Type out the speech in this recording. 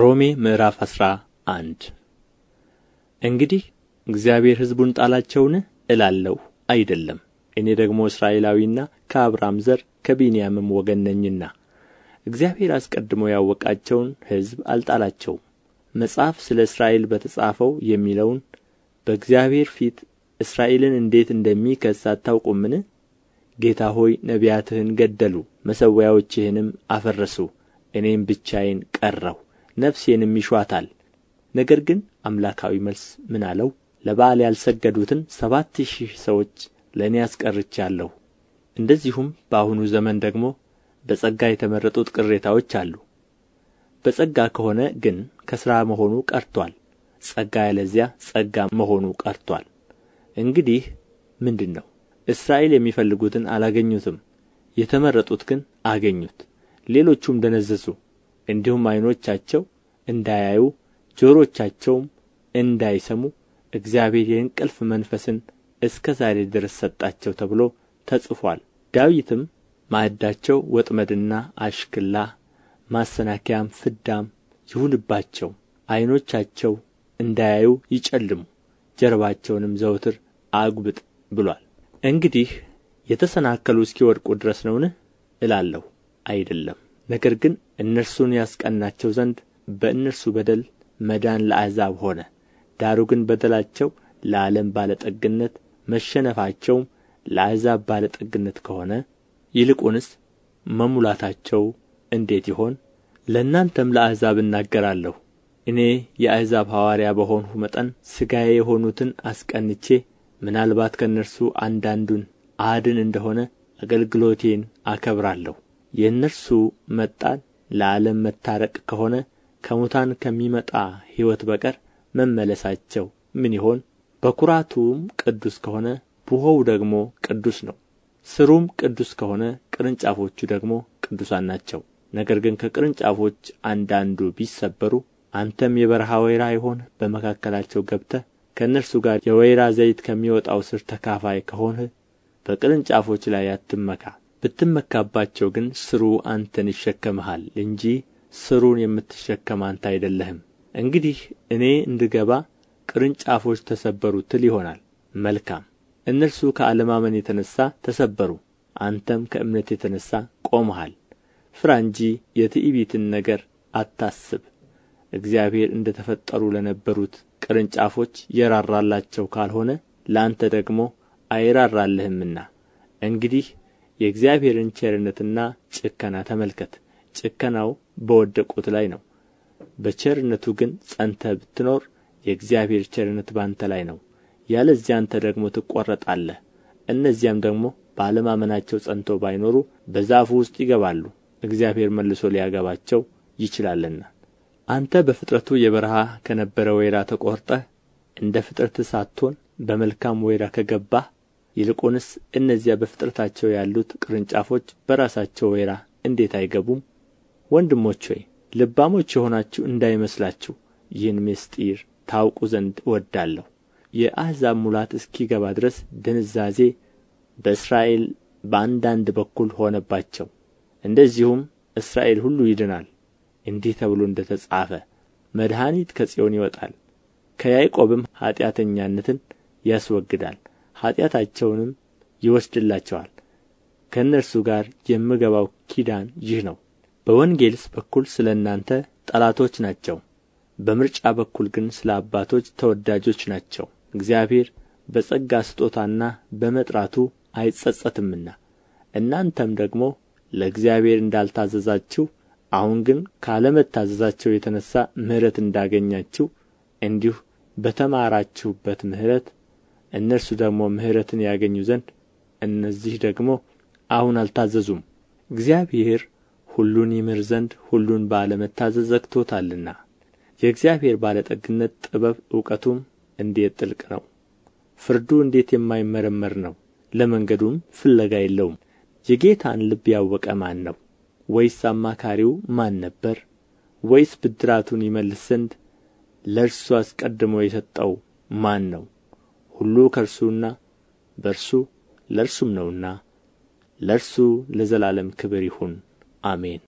ሮሜ ምዕራፍ አስራ አንድ እንግዲህ እግዚአብሔር ሕዝቡን ጣላቸውን እላለሁ አይደለም እኔ ደግሞ እስራኤላዊና ከአብርሃም ዘር ከቢንያምም ወገን ነኝና እግዚአብሔር አስቀድሞ ያወቃቸውን ሕዝብ አልጣላቸውም መጽሐፍ ስለ እስራኤል በተጻፈው የሚለውን በእግዚአብሔር ፊት እስራኤልን እንዴት እንደሚከስ አታውቁምን ጌታ ሆይ ነቢያትህን ገደሉ መሠዊያዎችህንም አፈረሱ እኔም ብቻዬን ቀረሁ ነፍሴንም ይሿታል። ነገር ግን አምላካዊ መልስ ምን አለው ለበኣል ያልሰገዱትን ሰባት ሺህ ሰዎች ለእኔ አስቀርቻለሁ። እንደዚሁም በአሁኑ ዘመን ደግሞ በጸጋ የተመረጡት ቅሬታዎች አሉ በጸጋ ከሆነ ግን ከሥራ መሆኑ ቀርቶአል ጸጋ ያለዚያ ጸጋ መሆኑ ቀርቶአል እንግዲህ ምንድን ነው እስራኤል የሚፈልጉትን አላገኙትም የተመረጡት ግን አገኙት ሌሎቹም ደነዘዙ እንዲሁም ዓይኖቻቸው እንዳያዩ ጆሮቻቸውም እንዳይሰሙ እግዚአብሔር የእንቅልፍ መንፈስን እስከ ዛሬ ድረስ ሰጣቸው ተብሎ ተጽፏል። ዳዊትም ማዕዳቸው ወጥመድና አሽክላ ማሰናከያም ፍዳም ይሁንባቸው ዓይኖቻቸው እንዳያዩ ይጨልሙ ጀርባቸውንም ዘውትር አጉብጥ ብሏል። እንግዲህ የተሰናከሉ እስኪወድቁ ድረስ ነውን እላለሁ፣ አይደለም። ነገር ግን እነርሱን ያስቀናቸው ዘንድ በእነርሱ በደል መዳን ለአሕዛብ ሆነ ዳሩ ግን በደላቸው ለዓለም ባለጠግነት መሸነፋቸውም ለአሕዛብ ባለጠግነት ከሆነ ይልቁንስ መሙላታቸው እንዴት ይሆን ለእናንተም ለአሕዛብ እናገራለሁ እኔ የአሕዛብ ሐዋርያ በሆንሁ መጠን ሥጋዬ የሆኑትን አስቀንቼ ምናልባት ከእነርሱ አንዳንዱን አድን እንደሆነ አገልግሎቴን አከብራለሁ የእነርሱ መጣል ለዓለም መታረቅ ከሆነ ከሙታን ከሚመጣ ሕይወት በቀር መመለሳቸው ምን ይሆን በኵራቱም ቅዱስ ከሆነ ቡሆው ደግሞ ቅዱስ ነው ሥሩም ቅዱስ ከሆነ ቅርንጫፎቹ ደግሞ ቅዱሳን ናቸው ነገር ግን ከቅርንጫፎች አንዳንዱ ቢሰበሩ አንተም የበረሃ ወይራ ይሆን በመካከላቸው ገብተህ ከእነርሱ ጋር የወይራ ዘይት ከሚወጣው ስር ተካፋይ ከሆንህ በቅርንጫፎች ላይ አትመካ ብትመካባቸው ግን ሥሩ አንተን ይሸከምሃል እንጂ ሥሩን የምትሸከም አንተ አይደለህም እንግዲህ እኔ እንድገባ ቅርንጫፎች ተሰበሩ ትል ይሆናል መልካም እነርሱ ከአለማመን የተነሣ ተሰበሩ አንተም ከእምነት የተነሣ ቆመሃል ፍራ እንጂ የትዕቢትን ነገር አታስብ እግዚአብሔር እንደ ተፈጠሩ ለነበሩት ቅርንጫፎች የራራላቸው ካልሆነ ለአንተ ደግሞ አይራራልህምና እንግዲህ የእግዚአብሔርን ቸርነትና ጭከና ተመልከት ጭከናው በወደቁት ላይ ነው በቸርነቱ ግን ጸንተህ ብትኖር የእግዚአብሔር ቸርነት ባንተ ላይ ነው ያለዚያ አንተ ደግሞ ትቈረጣለህ እነዚያም ደግሞ በአለማመናቸው ጸንተው ባይኖሩ በዛፉ ውስጥ ይገባሉ እግዚአብሔር መልሶ ሊያገባቸው ይችላልና አንተ በፍጥረቱ የበረሃ ከነበረ ወይራ ተቆርጠህ እንደ ፍጥረት ሳትሆን በመልካም ወይራ ከገባህ ይልቁንስ እነዚያ በፍጥረታቸው ያሉት ቅርንጫፎች በራሳቸው ወይራ እንዴት አይገቡም ወንድሞች ሆይ ልባሞች የሆናችሁ እንዳይመስላችሁ ይህን ምስጢር ታውቁ ዘንድ እወዳለሁ የአሕዛብ ሙላት እስኪገባ ድረስ ድንዛዜ በእስራኤል በአንዳንድ በኩል ሆነባቸው እንደዚሁም እስራኤል ሁሉ ይድናል እንዲህ ተብሎ እንደ ተጻፈ መድኃኒት ከጽዮን ይወጣል ከያዕቆብም ኀጢአተኛነትን ያስወግዳል ኃጢአታቸውንም ይወስድላቸዋል ከእነርሱ ጋር የምገባው ኪዳን ይህ ነው በወንጌልስ በኩል ስለ እናንተ ጠላቶች ናቸው በምርጫ በኩል ግን ስለ አባቶች ተወዳጆች ናቸው እግዚአብሔር በጸጋ ስጦታና በመጥራቱ አይጸጸትምና እናንተም ደግሞ ለእግዚአብሔር እንዳልታዘዛችሁ አሁን ግን ካለመታዘዛቸው የተነሳ ምሕረት እንዳገኛችሁ እንዲሁ በተማራችሁበት ምሕረት እነርሱ ደግሞ ምሕረትን ያገኙ ዘንድ እነዚህ ደግሞ አሁን አልታዘዙም እግዚአብሔር ሁሉን ይምር ዘንድ ሁሉን ባለመታዘዝ ዘግቶታልና የእግዚአብሔር ባለጠግነት ጥበብ እውቀቱም እንዴት ጥልቅ ነው ፍርዱ እንዴት የማይመረመር ነው ለመንገዱም ፍለጋ የለውም የጌታን ልብ ያወቀ ማን ነው ወይስ አማካሪው ማን ነበር ወይስ ብድራቱን ይመልስ ዘንድ ለእርሱ አስቀድሞ የሰጠው ማን ነው ሁሉ ከእርሱና በእርሱ ለእርሱም ነውና ለእርሱ ለዘላለም ክብር ይሁን አሜን